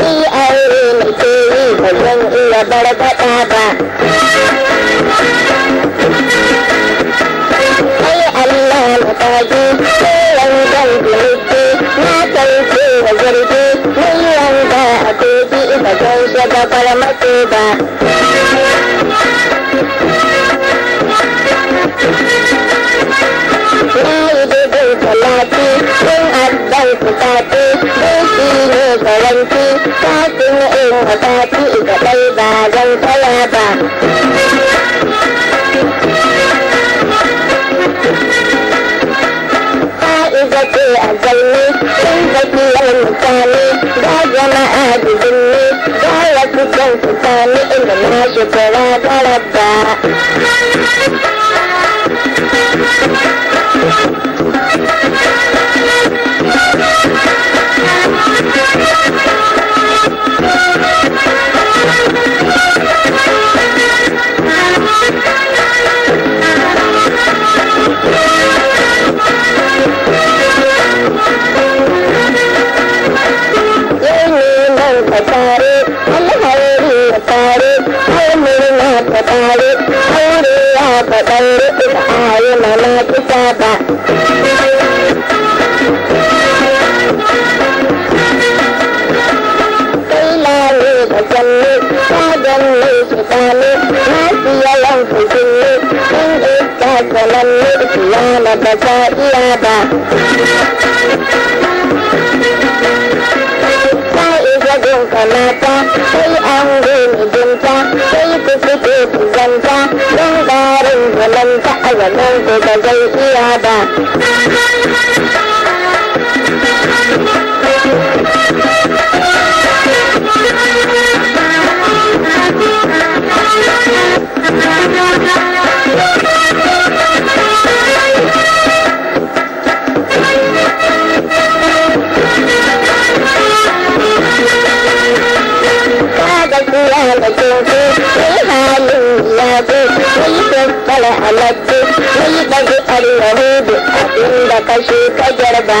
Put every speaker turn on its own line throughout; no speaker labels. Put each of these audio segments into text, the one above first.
ni aure nake ba zan iya barkaɗa ba ai Allah na kaji kowan kan bilibbi na kauce wa zargi mun yanka a kogi ba zan shiga farmaki ba ne you. bukati ga kai ba zan taya ba fa'iza ce a zanne sun zaki yawan mutane ga jama'a da zinne ga wasu can su sami inda na shekara ta rabba tsare kare ya faɗan rikin ayi mana kisa ba. Kailani da sanni, kagan mai kitani, masu yawan fusini, sun iska sanannu kiyama ba ta iya ba. Ta isa gun sai an ولم تحزن أنت زيتي أبا هذا الكلام كنت في حال لا kala halattu mun bagi allahudu abinda kashe ka jarba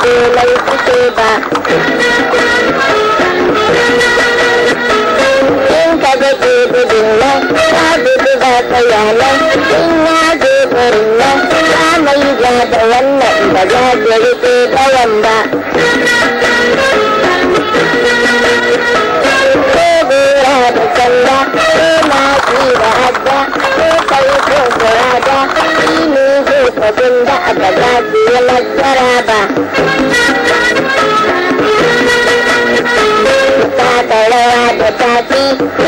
komai kuke ba. In ka ga gudun nan, ta gudu ba ta yanan, in ya je garin nan, ka mai ja da wannan ba za ka riƙe ɗawan ba. Ko gora da sanda, ko masu da hadda, ko kai ko furada, shi ne zai fadin da aka zafi ya ladda. Yeah.